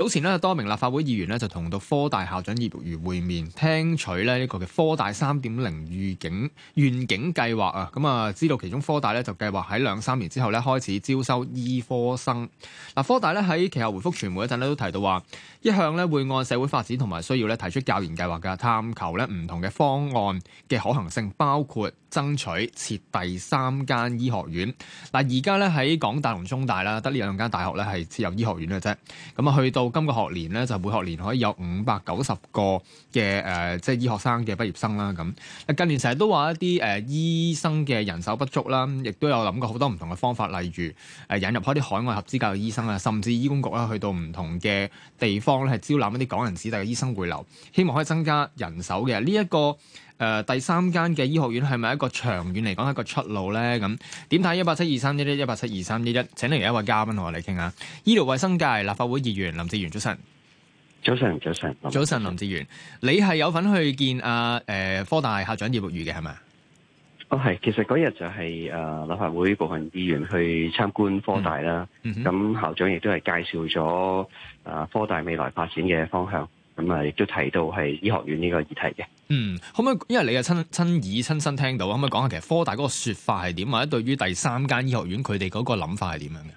早前多名立法會議員就同到科大校長葉玉如會面，聽取咧呢個嘅科大三點零預警願景計劃啊。咁啊，知道其中科大咧就計劃喺兩三年之後咧開始招收醫科生。嗱，科大咧喺其後回覆傳媒嗰陣咧都提到話，一向咧會按社會發展同埋需要提出教研計劃嘅探求咧唔同嘅方案嘅可行性，包括爭取設第三間醫學院。嗱，而家咧喺港大同中大啦，得呢兩間大學咧係設有醫學院嘅啫。咁啊，去到今個學年咧，就每學年可以有五百九十個嘅誒、呃，即係醫學生嘅畢業生啦。咁近年成日都話一啲誒、呃、醫生嘅人手不足啦，亦都有諗過好多唔同嘅方法，例如誒、呃、引入開啲海外合資格嘅醫生啊，甚至醫管局咧去到唔同嘅地方咧係招攬一啲港人子弟嘅醫生回流，希望可以增加人手嘅呢一個。誒、呃、第三間嘅醫學院係咪一個長遠嚟講係一個出路咧？咁點睇？一八七二三一一一八七二三一一，請另一位嘉賓同我哋傾下。醫療衛生界立法會議員林哲玄，早晨，早晨，早晨，早晨，林哲玄，志志你係有份去見啊誒科大校長葉玉如嘅係咪？哦，係，其實嗰日就係、是、誒、呃、立法會部分議員去參觀科大啦，咁、嗯嗯、校長亦都係介紹咗誒科大未來發展嘅方向。咁啊，亦都提到係醫學院呢個議題嘅。嗯，可唔可以因為你嘅親親耳親身聽到，可唔可以講下其實科大嗰個説法係點，或者對於第三間醫學院佢哋嗰個諗法係點樣嘅？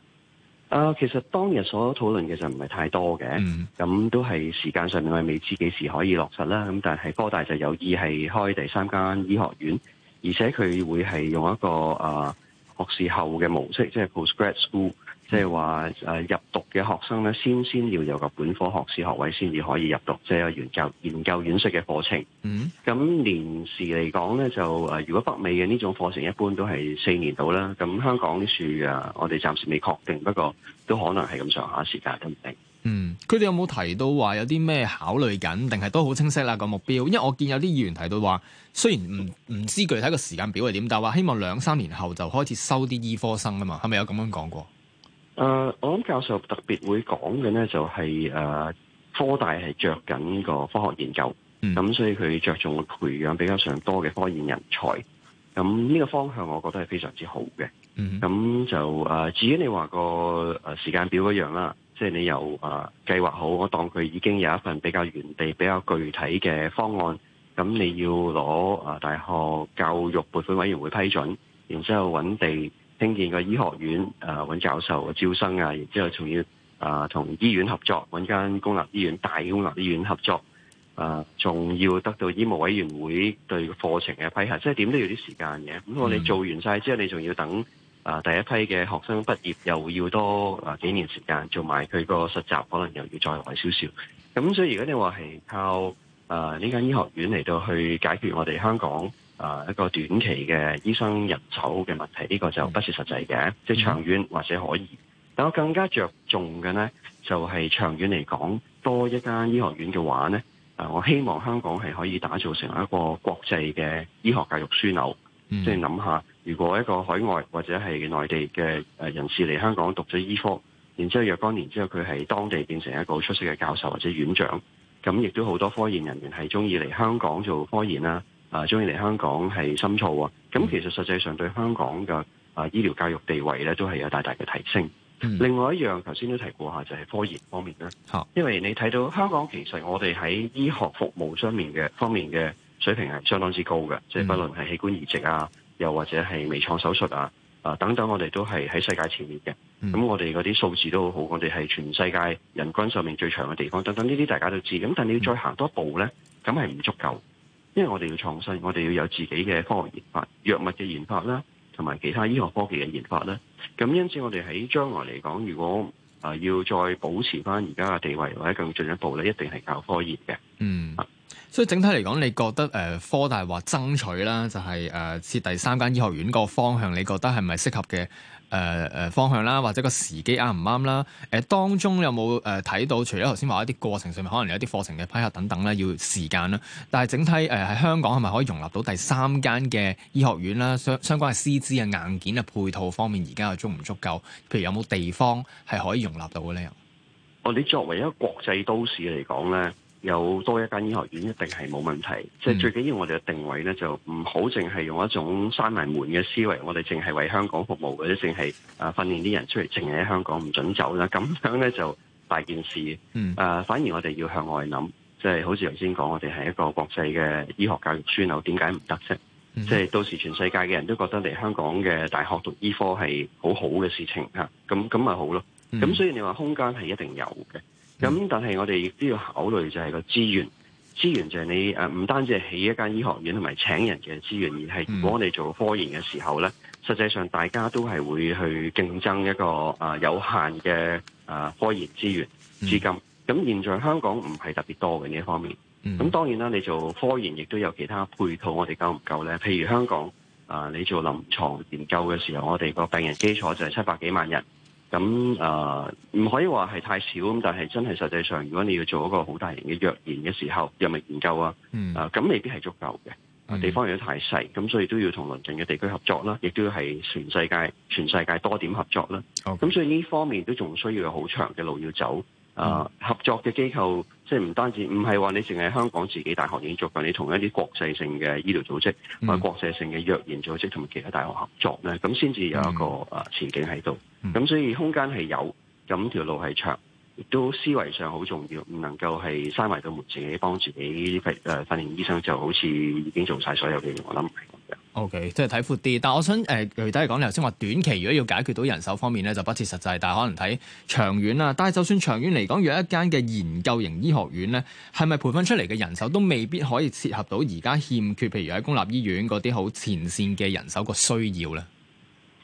啊、呃，其實當日所討論其實唔係太多嘅。咁、嗯嗯、都係時間上面，我係未知幾時可以落實啦。咁但係科大就有意係開第三間醫學院，而且佢會係用一個啊。呃學士後嘅模式，即係 post grad school，即係話誒入讀嘅學生咧，先先要有個本科學士學位先至可以入讀，即係研究研究院式嘅課程。嗯，mm-hmm。咁年時嚟講咧，就誒，如果北美嘅呢種課程一般都係四年到啦。咁香港啲樹啊，我哋暫時未確定，不過都可能係咁上下時間都唔定。嗯，佢哋有冇提到話有啲咩考慮緊，定係都好清晰啦個目標？因為我見有啲議員提到話，雖然唔唔知具體個時間表係點，但係話希望兩三年後就開始收啲醫科生啊嘛，係咪有咁樣講過？誒、呃，我諗教授特別會講嘅呢，就係誒科大係着緊呢個科學研究，咁、嗯、所以佢着重培養比較上多嘅科研人才。咁呢個方向我覺得係非常之好嘅。咁、嗯、就誒、呃、至於你話個誒時間表嗰樣啦。即係你又啊計劃好，我當佢已經有一份比較原地比較具體嘅方案，咁你要攞啊大學教育撥款委員會批准，然之後揾地興建個醫學院，誒、呃、揾教授招生啊，然之後仲要啊同、呃、醫院合作，揾間公立醫院、大公立醫院合作，啊、呃、仲要得到醫務委員會對課程嘅批核，即係點都要啲時間嘅。咁我哋你做完晒之後，你仲要等。啊，第一批嘅學生畢業又要多啊幾年時間做，做埋佢個實習，可能又要再耐少少。咁所以如果你話係靠啊呢間醫學院嚟到去解決我哋香港啊、呃、一個短期嘅醫生人手嘅問題，呢、這個就不切實際嘅。即、就、係、是、長遠或者可以，mm hmm. 但我更加着重嘅呢，就係、是、長遠嚟講，多一間醫學院嘅話呢、呃，我希望香港係可以打造成一個國際嘅醫學教育樞紐。即係諗下。Hmm. 如果一個海外或者係內地嘅誒人士嚟香港讀咗醫科，然之後若干年之後佢喺當地變成一個出色嘅教授或者院長，咁亦都好多科研人員係中意嚟香港做科研啦，啊，中意嚟香港係深造啊，咁其實實際上對香港嘅啊醫療教育地位咧都係有大大嘅提升。另外一樣頭先都提過下就係科研方面咧，因為你睇到香港其實我哋喺醫學服務上面嘅方面嘅水平係相當之高嘅，即係不論係器官移植啊，又或者係微創手術啊，啊、呃、等等，我哋都係喺世界前面嘅。咁、嗯、我哋嗰啲數字都好，我哋係全世界人均壽命最長嘅地方等等呢啲，大家都知。咁但你要再行多步呢，咁係唔足夠，因為我哋要創新，我哋要有自己嘅科學研發、藥物嘅研發啦，同埋其他醫學科技嘅研發啦。咁因此，我哋喺將來嚟講，如果啊、呃、要再保持翻而家嘅地位，或者更進一步呢，一定係靠科研嘅。嗯。所以整體嚟講，你覺得誒、呃、科大話爭取啦，就係誒設第三間醫學院個方向，你覺得係咪適合嘅誒誒方向啦？或者個時機啱唔啱啦？誒、呃、當中有冇誒睇到？除咗頭先話一啲過程上面，可能有啲課程嘅批核等等咧，要時間啦。但係整體誒喺、呃、香港係咪可以容納到第三間嘅醫學院啦？相相關嘅師資啊、硬件啊、配套方面，而家係足唔足夠？譬如有冇地方係可以容納到嘅咧？我哋作為一個國際都市嚟講咧。有多一間醫學院一定係冇問題，即、嗯、最緊要我哋嘅定位呢，就唔好淨係用一種閂埋門嘅思維，我哋淨係為香港服務，或者淨係啊訓練啲人出嚟淨係喺香港唔準走啦，咁樣呢，就大件事。嗯、反而我哋要向外諗，即係好似頭先講，我哋係一個國際嘅醫學教育樞紐，點解唔得啫？即係、嗯、到時全世界嘅人都覺得嚟香港嘅大學讀醫科係好好嘅事情，咁咁咪好咯。咁、嗯、所以你話空間係一定有嘅。咁、嗯，但係我哋亦都要考慮就係個資源，資源就係你誒唔單止係起一間醫學院同埋請人嘅資源，而係如果我哋做科研嘅時候咧，嗯、實際上大家都係會去競爭一個誒、呃、有限嘅誒、呃、科研資源資金。咁、嗯、現在香港唔係特別多嘅呢一方面。咁、嗯、當然啦，你做科研亦都有其他配套，我哋夠唔夠咧？譬如香港誒、呃，你做臨床研究嘅時候，我哋個病人基礎，就係七百幾萬人。咁啊，唔、呃、可以話係太少咁，但係真係實際上，如果你要做一個好大型嘅藥研嘅時候，藥物研究啊，啊咁、嗯呃、未必係足夠嘅地方，如果太細，咁所以都要同鄰近嘅地區合作啦，亦都要係全世界全世界多點合作啦。咁 Okay. 所以呢方面都仲需要有好長嘅路要走。啊！嗯、合作嘅機構即係唔單止，唔係話你淨係香港自己大學已經做緊，你同一啲國際性嘅醫療組織，或者、嗯啊、國際性嘅藥研組織，同埋其他大學合作咧，咁先至有一個啊前景喺度。咁、嗯嗯、所以空間係有，咁條路係長，亦都思維上好重要，唔能夠係閂埋到門前，自己幫自己誒訓練醫生就好似已經做晒所有嘅嘢。我諗。O.K. 即係睇闊啲，但我想誒，具體嚟講，你頭先話短期如果要解決到人手方面咧就不切實際，但可能睇長遠啦。但係就算長遠嚟講，有一間嘅研究型醫學院咧，係咪培訓出嚟嘅人手都未必可以切合到而家欠缺，譬如喺公立醫院嗰啲好前線嘅人手個需要咧？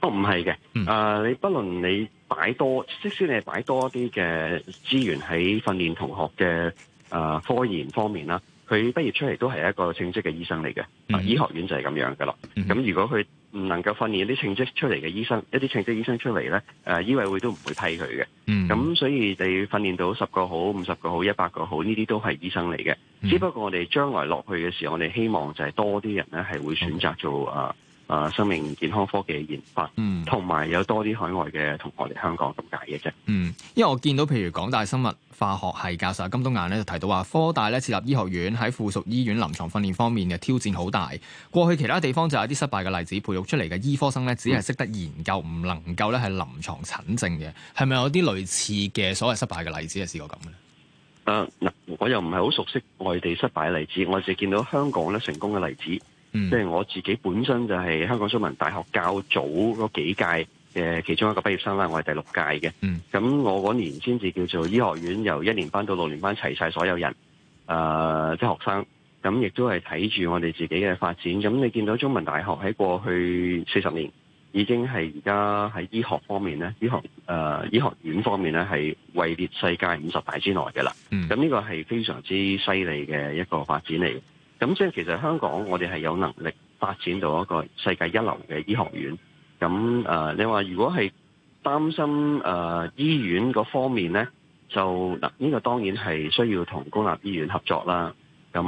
都唔係嘅，誒、嗯，你、uh, 不論你擺多，即使你係擺多啲嘅資源喺訓練同學嘅、uh, 科研方面啦。佢畢業出嚟都係一個稱職嘅醫生嚟嘅，啊、嗯、醫學院就係咁樣噶啦。咁、嗯、如果佢唔能夠訓練啲稱職出嚟嘅醫生，一啲稱職醫生出嚟呢，誒、啊、醫委會都唔會批佢嘅。咁、嗯、所以你訓練到十個好、五十個好、一百個好，呢啲都係醫生嚟嘅。嗯、只不過我哋將來落去嘅時候，我哋希望就係多啲人呢係會選擇做啊。Okay. 啊！生命健康科技嘅研發，嗯，同埋有，有多啲海外嘅同學嚟香港咁解嘅啫。嗯，因為我見到譬如港大生物化學系教授金東燕：金冬雁咧，就提到話科大咧設立醫學院喺附屬醫院臨床訓練方面嘅挑戰好大。過去其他地方就有啲失敗嘅例子，培育出嚟嘅醫科生咧，只係識得研究，唔、嗯、能夠咧係臨床診症嘅。係咪有啲類似嘅所謂失敗嘅例子係試過咁嘅咧？誒，我又唔係好熟悉外地失敗嘅例子，我只見到香港咧成功嘅例子。即係、嗯、我自己本身就係香港中文大學較早嗰幾屆嘅其中一個畢業生啦，我係第六屆嘅。咁、嗯、我嗰年先至叫做醫學院，由一年班到六年班齊晒所有人，誒即係學生。咁亦都係睇住我哋自己嘅發展。咁你見到中文大學喺過去四十年已經係而家喺醫學方面咧，醫學誒、呃、醫學院方面咧係位列世界五十大之內嘅啦。咁呢、嗯、個係非常之犀利嘅一個發展嚟。咁即係其實香港我哋係有能力發展到一個世界一流嘅醫學院。咁誒、呃，你話如果係擔心誒、呃、醫院嗰方面呢，就嗱呢、這個當然係需要同公立醫院合作啦。咁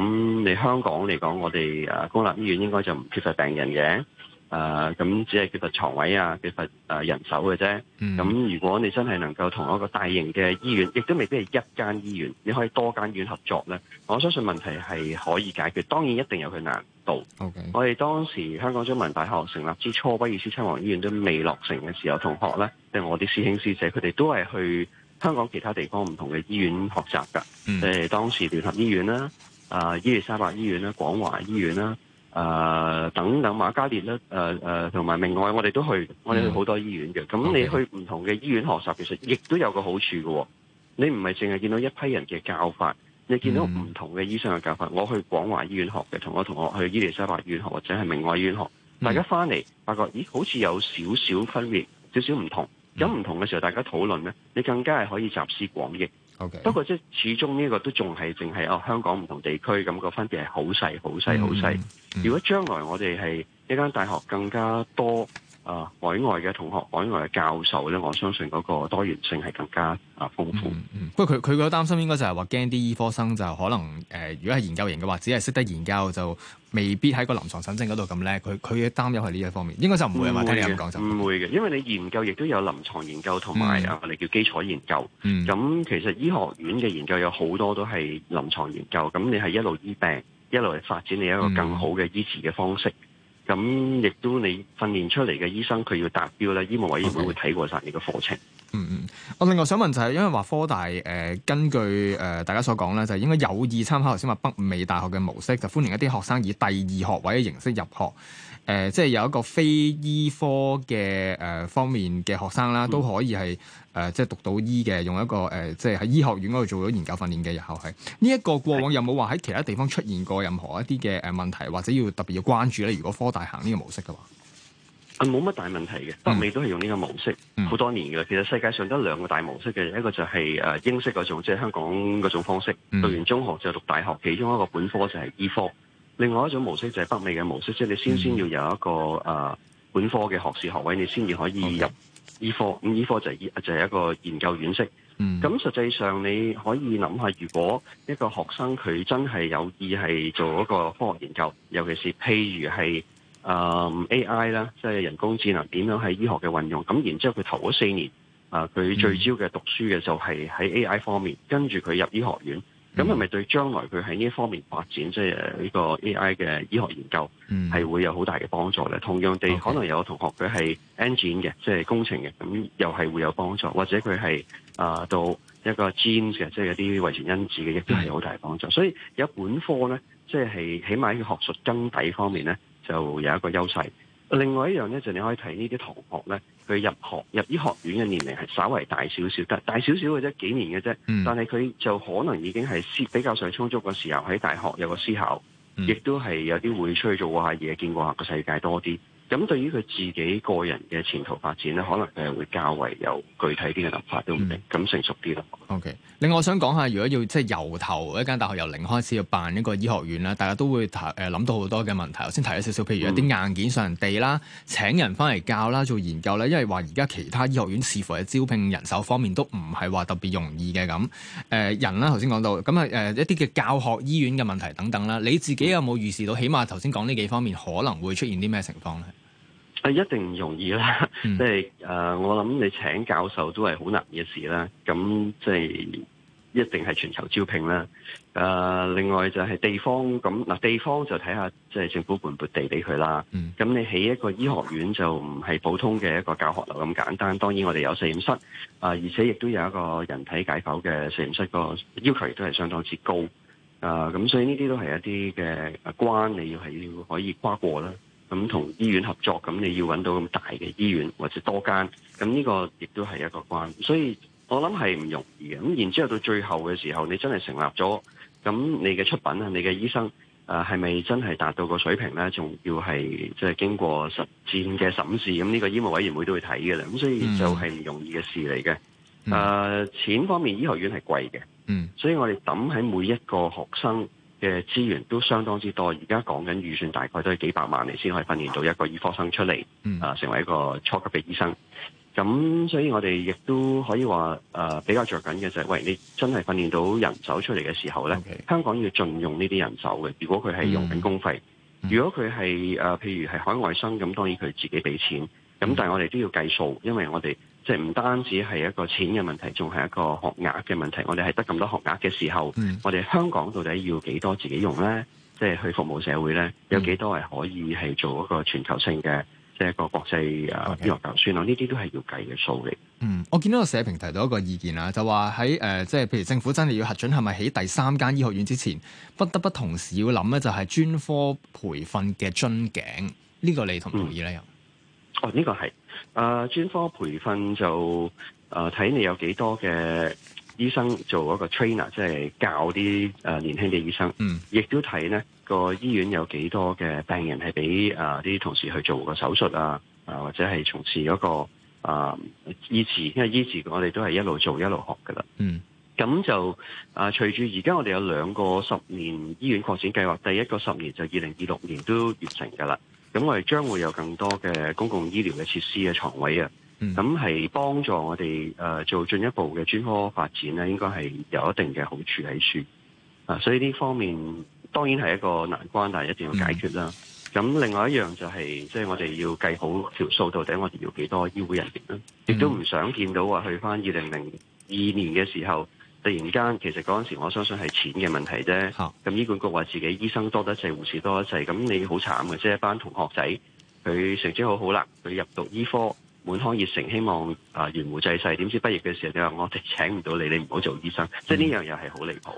你香港嚟講，我哋誒公立醫院應該就唔缺乏病人嘅。誒咁、呃、只係缺乏床位啊，缺乏誒人手嘅啫。咁、嗯、如果你真係能夠同一個大型嘅醫院，亦都未必係一間醫院，你可以多間醫院合作咧。我相信問題係可以解決，當然一定有佢難度。Okay. 我哋當時香港中文大學成立之初，威爾斯親王醫院都未落成嘅時候，同學咧，即係我啲師兄師姐，佢哋都係去香港其他地方唔同嘅醫院學習㗎。誒、嗯呃、當時聯合醫院啦，誒、呃、伊利沙伯醫院啦，廣華醫院啦。誒、呃、等等瑪嘉烈咧，誒同埋明愛，我哋都去，我哋去好多醫院嘅。咁、mm. 你去唔同嘅醫院學習其 Okay. 實亦都有個好處嘅、哦。你唔係淨係見到一批人嘅教法，你見到唔同嘅醫生嘅教法。Mm. 我去廣華醫院學嘅，同我同學去伊利沙伯醫院學，或者係明愛醫院學，mm. 大家翻嚟發覺，咦，好似有少少分別，少少唔同。咁唔、mm. 同嘅時候，大家討論咧，你更加係可以集思廣益。不過，即係 Okay. 始終呢個都仲係淨係哦，香港唔同地區咁、那個分別係好細、好細、好細。Mm hmm. 如果將來我哋係一間大學更加多。啊！海外嘅同學，海外嘅教授咧，我相信嗰個多元性係更加啊豐富。不過佢佢嘅擔心應該就係話驚啲醫科生就可能誒、呃，如果係研究型嘅話，只係識得研究就未必喺個臨床診症嗰度咁叻。佢佢嘅擔憂係呢一方面，應該就唔會嘛，聽你咁講就唔會嘅，因為你研究亦都有臨床研究同埋啊，我哋、嗯、叫基礎研究。咁、嗯、其實醫學院嘅研究有好多都係臨床研究，咁你係一路醫病，一路發展你一個更好嘅醫治嘅方式。嗯咁亦都你訓練出嚟嘅醫生，佢要達標咧，醫務委員會會睇過晒你嘅課程。Okay. 嗯嗯，我另外想問就係，因為話科大誒、呃、根據誒、呃、大家所講咧，就係、應該有意參考頭先話北美大學嘅模式，就歡迎一啲學生以第二學位嘅形式入學，誒、呃、即係有一個非醫科嘅誒、呃、方面嘅學生啦，都可以係誒、呃、即係讀到醫嘅，用一個誒、呃、即係喺醫學院嗰度做咗研究訓練嘅日後係。呢、這、一個過往有冇話喺其他地方出現過任何一啲嘅誒問題，或者要特別要關注咧？如果科大行呢個模式嘅話？冇乜大問題嘅，北美都係用呢個模式好、嗯嗯、多年嘅。其實世界上得兩個大模式嘅，一個就係英式嗰種，即、就、係、係、香港嗰種方式，嗯、讀完中學就讀大學，其中一個本科就係醫科。另外一種模式就係北美嘅模式，嗯、即係你先先要有一個誒、呃、本科嘅學士學位，你先至可以入醫、e、科 Okay.、e 就係。咁醫科就係就係一個研究院式。咁、嗯、實際上你可以諗下，如果一個學生佢真係有意係做一個科學研究，尤其是譬如係。誒、um, A.I. 啦，即係人工智能點樣喺醫學嘅運用咁，然之後佢頭嗰四年啊，佢最聚焦嘅讀書嘅就係喺 A.I. 方面，嗯、跟住佢入醫學院，咁係咪對將來佢喺呢方面發展，即係呢個 A.I. 嘅醫學研究，係、嗯、會有好大嘅幫助咧？同樣地，Okay. 可能有同學佢係 engine 嘅，即、就、係、是、工程嘅，咁又係會有幫助，或者佢係啊到一個 gen 嘅，即係啲遺傳因子嘅，亦都係有好大幫助。所以有本科咧，即、就、係、是、起碼喺學術根底方面咧。就有一個優勢。另外一樣呢，就你可以睇呢啲同學呢，佢入學入醫學院嘅年齡係稍為大少少，但大少少嘅啫，幾年嘅啫。嗯、但係佢就可能已經係比較上充足嘅時候喺大學有個思考，亦、嗯、都係有啲會出去做下嘢，見過下個世界多啲。咁對於佢自己個人嘅前途發展咧，可能誒會較為有具體啲嘅諗法都唔定，咁成熟啲咯。Mm hmm. OK。另外，我想講下，如果要即係由頭一間大學由零開始要辦一個醫學院咧，大家都會諗到好多嘅問題。我先提一少少，譬如一啲硬件上地啦、mm hmm. 請人翻嚟教啦、做研究啦，因為話而家其他醫學院似乎喺招聘人手方面都唔係話特別容易嘅咁。誒人啦，頭先講到咁啊誒一啲嘅教學醫院嘅問題等等啦，你自己有冇預示到？起碼頭先講呢幾方面可能會出現啲咩情況咧？一定唔容易啦，即係誒，我諗你請教授都係好難嘅事啦。咁即係一定係全球招聘啦。誒、呃，另外就係地方咁嗱、呃，地方就睇下即係、就是、政府撥撥地俾佢啦。咁、嗯、你起一個醫學院就唔係普通嘅一個教學樓咁簡單。當然我哋有實驗室，啊、呃，而且亦都有一個人體解剖嘅實驗室個要求，亦都係相當之高。誒、呃，咁所以呢啲都係一啲嘅關，你要係要可以跨過啦。咁同醫院合作，咁你要揾到咁大嘅醫院或者多間，咁呢個亦都係一個關。所以我諗係唔容易嘅。咁然之後到最後嘅時候，你真係成立咗，咁你嘅出品啊，你嘅醫生係咪、呃、真係達到個水平呢？仲要係即係經過實戰嘅審視，咁呢個醫務委員會都會睇嘅啦。咁所以就係唔容易嘅事嚟嘅。誒、嗯啊，錢方面，醫學院係貴嘅，嗯，所以我哋抌喺每一個學生嘅資源都相當之多，而家講緊預算大概都係幾百萬，你先可以訓練到一個醫科生出嚟，啊、mm. 呃、成為一個初級嘅醫生。咁所以我哋亦都可以話，誒、呃、比較着緊嘅就係，喂，你真係訓練到人手出嚟嘅時候呢，Okay. 香港要盡用呢啲人手嘅。如果佢係用緊公費，mm. 如果佢係誒譬如係海外生，咁當然佢自己畀錢。咁但係我哋都要計數，因為我哋即係唔單止係一個錢嘅問題，仲係一個學額嘅問題。我哋係得咁多學額嘅時候，嗯、我哋香港到底要幾多自己用呢？即係去服務社會呢，有幾多係可以係做一個全球性嘅，即係一個國際醫學教宣啊？呢啲都係要計嘅數嚟。嗯，我見到個社評提到一個意見啦，就話喺誒，即係譬如政府真係要核准，係咪喺第三間醫學院之前，不得不同時要諗呢，就係專科培訓嘅樽頸呢個，你同唔同意呢？嗯哦，呢、這個係啊、呃，專科培訓就啊，睇、呃、你有幾多嘅醫生做一個 trainer，即係教啲、呃、年輕嘅醫生。嗯，亦都睇咧個醫院有幾多嘅病人係俾啊啲同事去做個手術啊，啊、呃、或者係從事嗰個啊、呃、醫治，因為醫治我哋都係一路做一路學噶啦。嗯，咁就啊、呃、隨住而家我哋有兩個十年醫院擴展計劃，第一個十年就二零二六年都完成噶啦。咁我哋將會有更多嘅公共醫療嘅設施嘅床位啊，咁係、嗯、幫助我哋誒、呃、做進一步嘅專科發展咧、啊，應該係有一定嘅好處喺處。啊，所以呢方面當然係一個難關，但係一定要解決啦。咁、嗯、另外一樣就係、是，即、就、係、是、我哋要計好條數，到底我哋要幾多醫護人員啦、啊，亦都唔想見到話去返二零零二年嘅時候。突然間，其實嗰陣時，我相信係錢嘅問題啫。咁、啊、醫管局話自己醫生多得滯，護士多得滯。咁你好慘嘅，即係一班同學仔，佢成績好好啦，佢入讀醫科，滿腔熱誠，希望啊懸壺濟世。點知畢業嘅時候，你話我哋請唔到你，你唔好做醫生。嗯、即呢樣又係好離譜。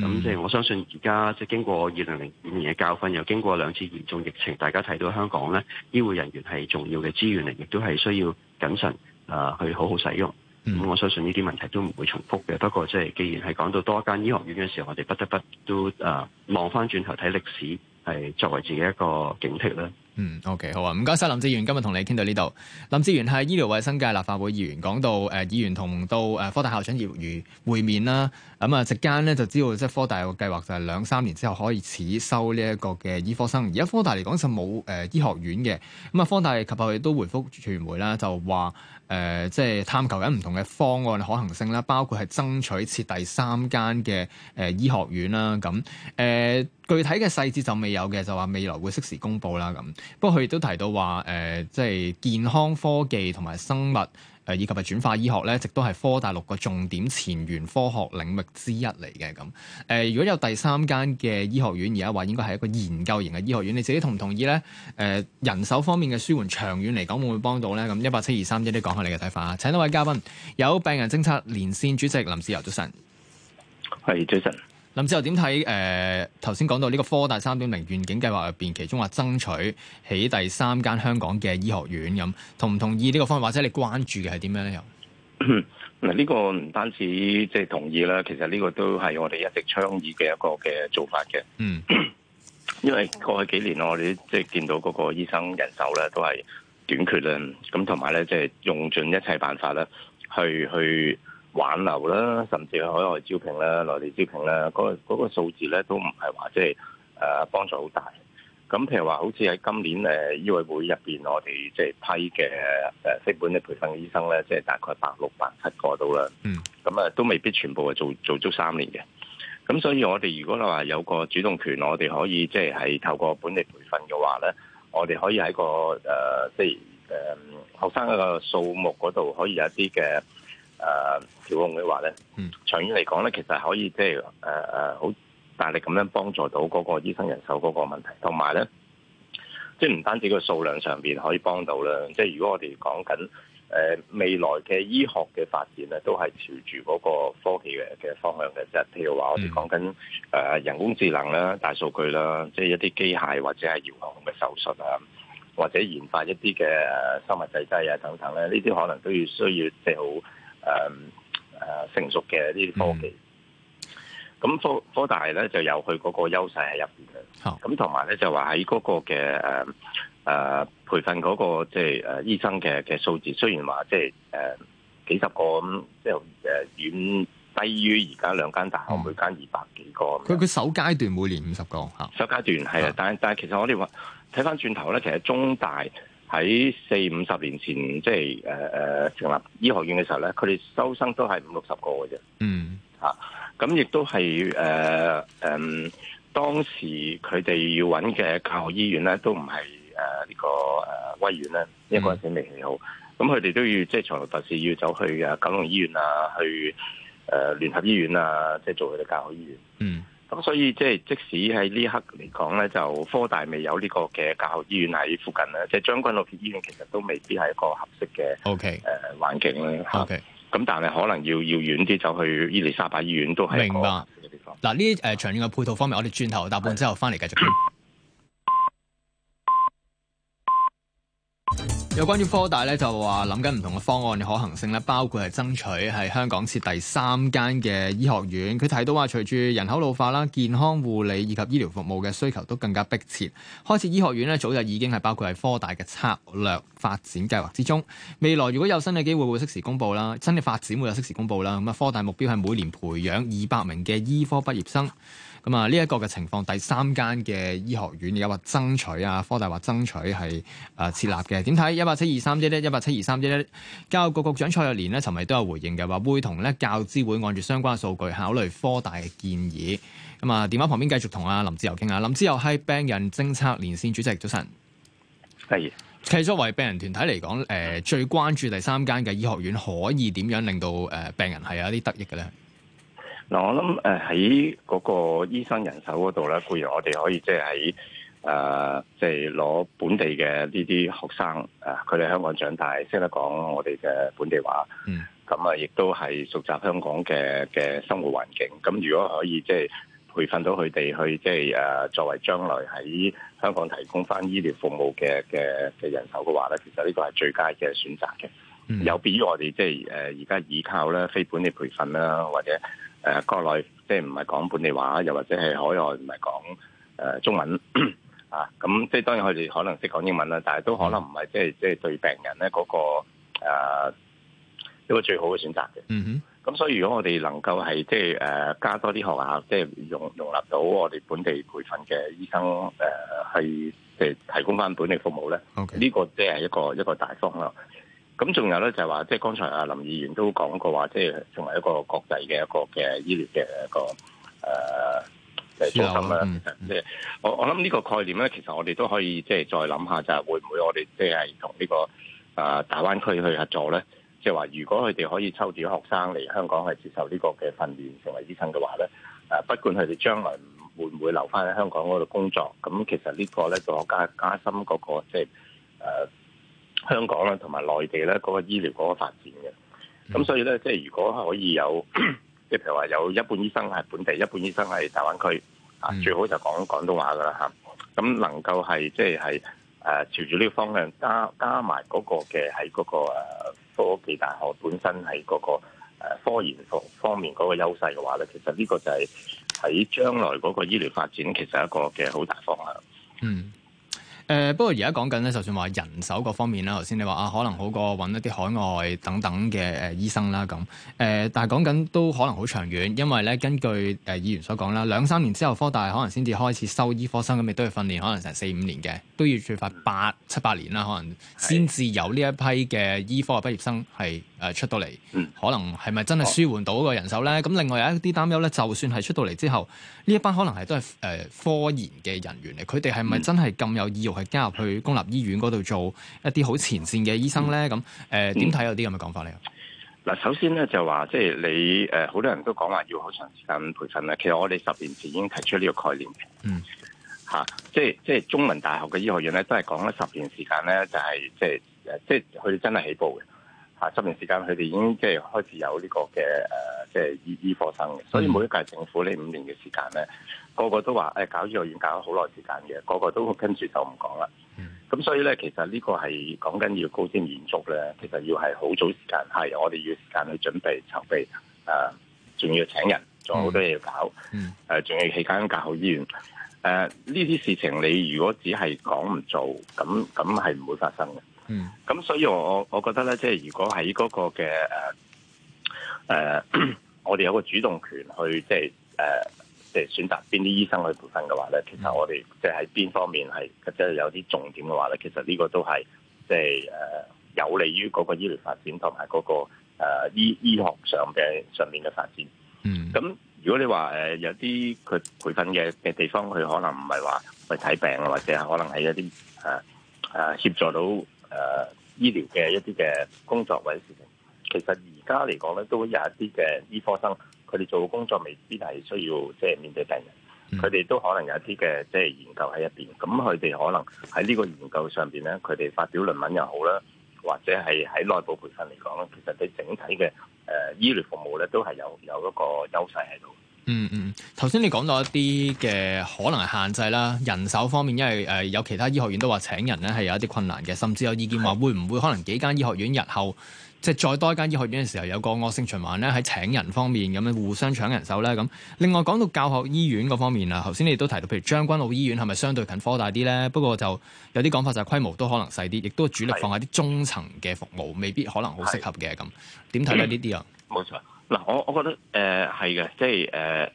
咁即係我相信而家即經經過二零零五年嘅教訓，又經過兩次嚴重疫情，大家睇到香港咧，醫護人員係重要嘅資源嚟，亦都係需要謹慎啊、呃、去好好使用。咁、嗯、我相信呢啲問題都唔會重複嘅。不過即，即係既然係講到多一間醫學院嘅時候，我哋不得不都啊望翻轉頭睇歷史，係作為自己一個警惕啦。嗯，OK，好啊。唔該晒。林志釉，今日同你傾到呢度。林志釉係醫療衛生界立法會議員，講到誒、呃、議員同到誒、呃、科大校長葉玉如會面啦、啊。咁啊，直間咧就知道，即係科大個計劃就係兩三年之後可以開始收呢一個嘅醫科生。而家科大嚟講就冇誒醫學院嘅。咁啊，科大及後亦都回覆傳媒啦、呃，就話誒，即係探求緊唔同嘅方案的可行性啦，包括係爭取設第三間嘅誒醫學院啦。咁誒、呃，具體嘅細節就未有嘅，就話未來會適時公布啦。咁不過佢亦都提到話誒，即、呃、係、就是、健康科技同埋生物。以及係轉化醫學咧，直都係科大六個重點前沿科學領域之一嚟嘅咁。誒、呃，如果有第三間嘅醫學院而家話，應該係一個研究型嘅醫學院，你自己同唔同意呢？誒、呃，人手方面嘅舒緩，長遠嚟講會唔會幫到呢？咁一八七二三一啲講下你嘅睇法啊！請多位嘉賓，有病人政策連線主席林志釉早晨。係早晨。咁之後點睇？誒頭先講到呢個科大三點零願景計劃入邊，其中話爭取起第三間香港嘅醫學院咁，同唔同意呢個方案？或者你關注嘅係點樣咧？又嗱，呢個唔單止即係同意啦，其實呢個都係我哋一直倡議嘅一個嘅做法嘅。嗯，因為過去幾年我哋即係見到嗰個醫生人手咧都係短缺啦，咁同埋咧即係用盡一切辦法咧去去。去挽留啦，甚至海外招聘啦、內地招聘啦，嗰嗰個數字咧都唔係話即係誒幫助好大。咁譬如話，好似喺今年誒醫委會入邊，我哋即係批嘅誒非本地培訓醫生咧，即係大概百六百七個到啦。嗯，咁啊都未必全部係做做足三年嘅。咁所以我哋如果話有個主動權，我哋可以即係係透過本地培訓嘅話咧，我哋可以喺個誒即係誒學生個數目嗰度可以有啲嘅。誒、啊、調控嘅話咧，嗯、長遠嚟講咧，其實可以即係誒誒好大力咁樣幫助到嗰個醫生人手嗰個問題，同埋咧，即係唔單止個數量上邊可以幫到啦。即係如果我哋講緊誒未來嘅醫學嘅發展咧，都係朝住嗰個科技嘅嘅方向嘅，即係譬如話我哋講緊誒人工智能啦、大數據啦，即係一啲機械或者係遙控嘅手術啊，或者研發一啲嘅、啊、生物製劑啊等等咧，呢啲可能都要需要即好。誒誒、呃，成熟嘅呢啲科技，咁科、嗯、科大咧就有佢嗰個優勢喺入邊嘅，咁同埋咧就話喺嗰個嘅誒誒，培訓嗰、嗰個即係誒醫生嘅嘅數字，雖然話即係誒幾十個咁、嗯，即係誒遠低於而家兩間大學、嗯、每間二百幾個。佢佢首階段每年五十個，吓、哦、首階段係啊、嗯，但係但係其實我哋話睇翻轉頭咧，其實中大。喺四五十年前，即係誒誒成立醫學院嘅時候咧，佢哋收生都係五六十個嘅啫。嗯、mm. 啊，嚇，咁亦都係誒嗯，當時佢哋要搵嘅教學醫院咧，都唔係誒呢個誒、呃、威院咧，因為嗰陣時未起好。咁佢哋都要即係長途特事要走去啊九龍醫院啊，去誒、呃、聯合醫院啊，即、就、係、是、做佢哋教學醫院。嗯。Mm. 咁所以即係即使喺呢刻嚟講咧，就科大未有呢個嘅教學醫院喺附近咧，即係將軍澳嘅醫院其實都未必係一個合適嘅 O K 誒環境 O K，咁但係可能要要遠啲就去伊利沙伯醫院都係明白。嗱，呢啲誒長遠嘅配套方面，我哋轉頭答半之後翻嚟繼續。 有關於科大咧，就話諗緊唔同嘅方案嘅可行性咧，包括係爭取係香港設第三間嘅醫學院。佢提到話，隨住人口老化啦，健康護理以及醫療服務嘅需求都更加迫切，開設醫學院咧，早就已經係包括係科大嘅策略。發展計劃之中，未來如果有新嘅機會，會適時公布啦。新嘅發展會有適時公布啦。咁啊，科大目標係每年培養二百名嘅醫科畢業生。咁啊，呢一個嘅情況，第三間嘅醫學院，而家話爭取啊，科大話爭取係誒設立嘅。點睇？一八七二三一，一八七二三一咧，教育局局長蔡若蓮呢，尋日都有回應嘅，話會同咧教資會按住相關嘅數據，考慮科大嘅建議。咁啊，電話旁邊繼續同阿林志釉傾下。林志釉係病人政策連線主席，早晨。係。其實作為病人團體嚟講，誒最關注第三間嘅醫學院可以點樣令到誒病人係有一啲得益嘅咧？嗱，我諗誒喺嗰個醫生人手嗰度咧，固然我哋可以即係喺誒，即係攞本地嘅呢啲學生，誒佢哋香港長大，識得講我哋嘅本地話，咁啊、嗯，亦都係熟習香港嘅嘅生活環境。咁如果可以即係，就是培訓到佢哋去，即係誒作為將來喺香港提供翻醫療服務嘅嘅嘅人手嘅話咧，其實呢個係最佳嘅選擇嘅。Mm hmm. 有別於我哋即係誒而家依靠啦、非本地培訓啦，或者誒國內即係唔係講本地話，又或者係海外唔係講誒中文啊。咁即係當然佢哋可能識講英文啦，但係都可能唔係即係即係對病人咧嗰個誒一個最好嘅選擇嘅。嗯哼、mm。Hmm. 咁所以如果我哋能夠係即、即係呃、加多啲學校，即係融入到我哋本地培訓嘅醫生去、呃、提供翻本地服務咧。呢 Okay. 個即係一個一個大方向啦。咁仲有咧就係、係、話，即係剛才阿林議員都講過話，即係仲係一個國際嘅一個嘅醫療嘅一個誒中心啦。其實即係我我諗呢個概念咧，其實我哋都可以即係再諗下，就係、係、會唔會我哋即係同呢個誒、呃、大灣區去合作咧？就話如果佢哋可以抽住學生嚟香港去接受呢個嘅訓練，成為醫生嘅話咧，誒，不管佢哋將來會唔會留翻喺香港嗰度工作，咁其實呢個咧就加加深嗰個即係誒香港啦，同埋內地咧嗰個醫療嗰個發展嘅。咁所以咧，即係如果可以有，即係譬如話有一半醫生係本地，一半醫生係大灣區，啊，最好就講廣東話噶啦吓。咁能夠係即係誒朝住呢個方向加加埋嗰個嘅喺嗰個誒。呃科技大學本身係嗰個誒科研方方面嗰個優勢嘅話咧，其實呢個就係喺將來嗰個醫療發展其實係一個嘅好大方向。嗯。誒、呃、不過而家講緊咧，就算話人手各方面啦，頭先你話啊，可能好過揾一啲海外等等嘅誒醫生啦咁。誒、呃、但係講緊都可能好長遠，因為咧根據誒議員所講啦，兩三年之後科大可能先至開始收醫科生，咁亦都要訓練可能成四五年嘅，都要最快八七八年啦，可能先至有呢一批嘅醫科嘅畢業生係。誒出到嚟，可能係咪真係舒緩到個人手咧？咁、哦、另外有一啲擔憂咧，就算係出到嚟之後，呢一班可能係都係誒科研嘅人員嚟，佢哋係咪真係咁有意欲係加入去公立醫院嗰度做一啲好前線嘅醫生咧？咁誒點睇有啲咁嘅講法咧？嗱，首先咧就話即係你誒好多人都講話要好長時間培訓啦。其實我哋十年前已經提出呢個概念嘅。嗯、啊，嚇、即係，即係即係中文大學嘅醫學院咧，都係講咗十年時間咧，就係即係即係佢哋真係起步嘅。啊！十年時間，佢哋已經即係開始有呢個嘅誒，即係醫醫科生嘅，所以每一屆政府呢五年嘅時間咧，個個都話誒、哎、搞醫學院搞好耐時間嘅，個個都跟住就唔講啦。咁所以咧，其實呢個係講緊要高瞻遠矚咧，其實要係好早時間，係我哋要時間去準備籌備啊，仲要請人，仲有好多嘢要搞，誒、啊、仲要期間搞好醫院。誒呢啲事情你如果只係講唔做，咁咁係唔會發生嘅。嗯，咁所以我我覺得咧，即係如果喺嗰個嘅、誒誒，我哋有個主動權去即係誒、即係選擇邊啲醫生去培訓嘅話咧，其實我哋，嗯、即係喺邊方面係即係有啲重點嘅話咧，其實呢個都係即係誒、呃、有利於嗰個醫療發展同埋嗰個誒、呃、醫醫學上嘅上面嘅發展。嗯，咁如果你話誒、呃、有啲佢培訓嘅嘅地方，佢可能唔係話去睇病，或者係可能係一啲誒誒協助到。誒、呃、醫療嘅一啲嘅工作或者事情，其實而家嚟講咧，都有一啲嘅醫科生，佢哋做嘅工作未必係需要即係、就是、面對病人，佢哋都可能有一啲嘅即係研究喺入邊，咁佢哋可能喺呢個研究上邊咧，佢哋發表論文又好啦，或者係喺內部培訓嚟講咧，其實對整體嘅誒、呃、醫療服務咧，都係有有一個優勢喺度。嗯嗯，頭先你講到一啲嘅可能係限制啦，人手方面，因為、呃、有其他醫學院都話請人咧係有一啲困難嘅，甚至有意見話會唔會可能幾間醫學院日後即係再多一間醫學院嘅時候有個惡性循環咧，喺請人方面咁樣互相搶人手咧咁。另外講到教學醫院嗰方面啊，頭先你都提到，譬如將軍澳醫院係咪相對近科大啲咧？不過就有啲講法就係規模都可能細啲，亦都主力放喺啲中層嘅服務，是未必可能好適合嘅咁。點睇是呢啲啊？冇、嗯、錯。嗱，我我覺得誒係嘅，即係誒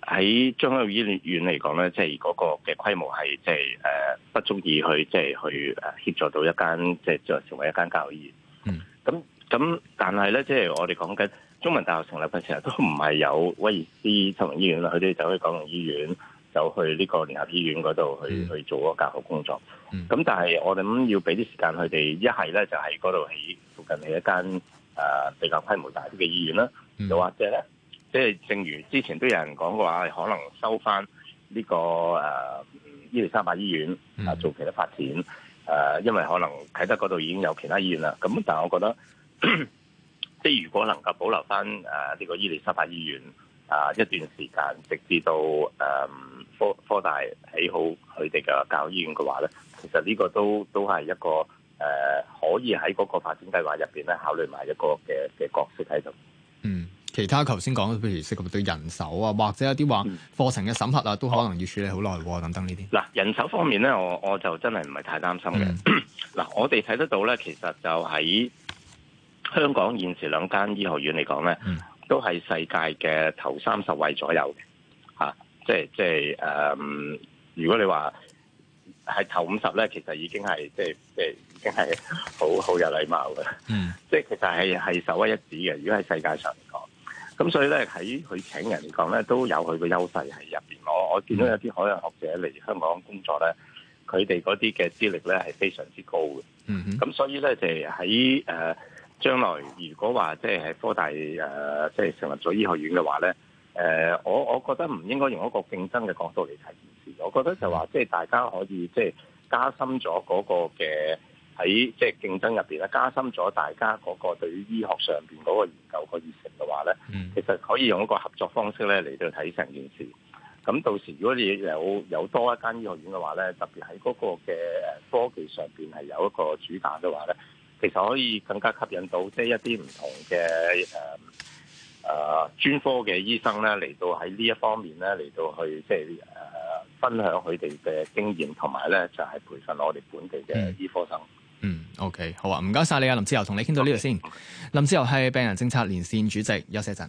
喺將軍澳醫院嚟講咧，即係嗰個嘅規模係即係誒、呃、不足以去即係去誒協助到一間即係成為一間教育醫院。嗯。咁咁，但係咧，即係我哋講緊中文大學成立嘅時候，都唔係有威爾斯親王醫院啦，佢哋走去港龍醫院，走去呢個聯合醫院嗰度去、嗯、去做嗰教學工作。咁、嗯、但係我哋咁要俾啲時間佢哋，一係咧就係嗰度喺附近係一間。誒、呃、比較規模大啲嘅醫院啦，又、嗯、或者咧，即係正如之前都有人講嘅話，可能收翻呢、這個誒、呃、伊利沙伯醫院啊，嗯、做其他發展誒、呃，因為可能啟德嗰度已經有其他醫院啦。咁但係我覺得，即係 如果能夠保留翻誒呢個伊利沙伯醫院啊、呃、一段時間，直至到誒科、呃、科大起好佢哋嘅教學醫院嘅話咧，其實呢個都都係一個誒。呃可以喺嗰個發展計劃入邊咧考慮埋一個嘅嘅角色喺度。嗯，其他頭先講，譬如涉及對人手啊，或者一啲話課程嘅審核啊，嗯、都可能要處理好耐、啊、等等呢啲。嗱，人手方面咧，我我就真係唔係太擔心嘅。嗱、嗯，我哋睇得到咧，其實就喺香港現時兩間醫學院嚟講咧，嗯、都係世界嘅頭三十位左右嘅。嚇、啊，即係即係誒、呃，如果你話。係頭五十咧，其實已經係即係即係已經係好好有禮貌嘅。嗯、mm，即、hmm. 係其實係係首屈一指嘅。如果喺世界上嚟講，咁所以咧喺佢請人嚟講咧，都有佢嘅優勢喺入邊。我我見到有啲海外學者嚟香港工作咧，佢哋嗰啲嘅資歷咧係非常之高嘅。嗯、mm，咁、hmm. 所以咧就喺誒將來如果話即係喺科大誒即係成立咗醫學院嘅話咧，誒、呃、我我覺得唔應該用一個競爭嘅角度嚟睇。我覺得就話，即係大家可以即係加深咗嗰個嘅喺即係競爭入邊咧，加深咗大家嗰個對於醫學上邊嗰個研究嘅熱誠嘅話咧，其實可以用一個合作方式咧嚟到睇成件事。咁到時如果你有有多一間醫學院嘅話咧，特別喺嗰個嘅科技上邊係有一個主打嘅話咧，其實可以更加吸引到即係一啲唔同嘅誒誒專科嘅醫生咧嚟到喺呢一方面咧嚟到去即係誒。分享佢哋嘅經驗同埋咧，就係培訓我哋本地嘅醫科生。嗯，嗯，OK，好啊，唔該晒你啊，林志釉同你傾到呢度先。Okay. 林志釉係病人政策連線主席，休息一陣。